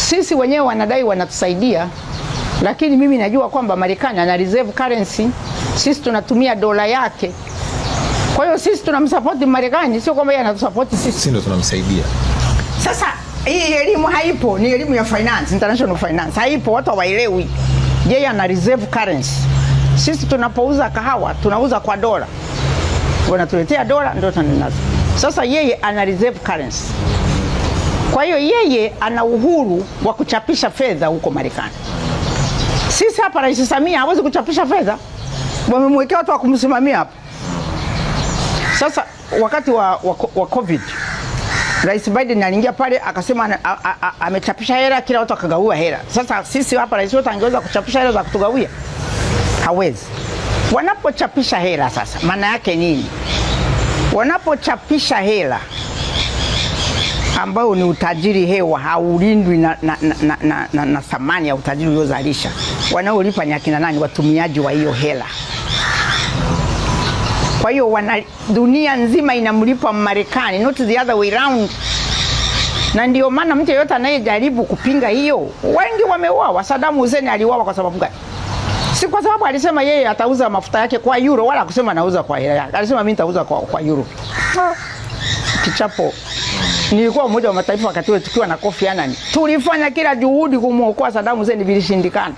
sisi wenyewe wanadai wanatusaidia, lakini mimi najua kwamba Marekani ana reserve currency, sisi tunatumia dola yake. Kwa hiyo sisi tunamsapoti Marekani, sio kwamba yeye anatusapoti sisi, sisi ndo tunamsaidia. Sasa hii elimu haipo, ni elimu ya finance, international finance haipo, watu hawaelewi. Yeye ana reserve currency, sisi tunapouza kahawa tunauza kwa dola, wanatuletea dola ndio tunanaza. Sasa yeye ana reserve currency kwa hiyo yeye ana uhuru wa kuchapisha fedha huko Marekani. Sisi hapa Rais Samia hawezi kuchapisha fedha, wamemwekea watu wa kumsimamia hapa. Sasa wakati wa, wa, wa COVID Rais Biden aliingia pale akasema amechapisha hela, kila watu akagawiwa hela. Sasa sisi hapa rais wote angeweza kuchapisha hela za kutugawia? Hawezi. Wanapochapisha hela sasa, maana yake nini? Wanapochapisha hela ambao ni utajiri hewa haulindwi na, na, na, na, na, na, na thamani ya utajiri uliozalisha. Wanaolipa ni akina nani? Watumiaji wa hiyo hela. Kwa hiyo wana dunia nzima inamlipa Marekani, not the other way round. Na ndio maana mtu yeyote anayejaribu kupinga hiyo, wengi wameuawa. Saddam Hussein aliuawa kwa sababu gani? Si kwa sababu alisema yeye atauza mafuta yake kwa euro, wala kusema anauza kwa hela yake. Alisema mimi nitauza kwa, kwa euro kichapo. Nilikuwa mmoja wa mataifa wakati ule tukiwa na Kofi Annan, tulifanya kila juhudi kumwokoa Saddam Hussein, vilishindikana.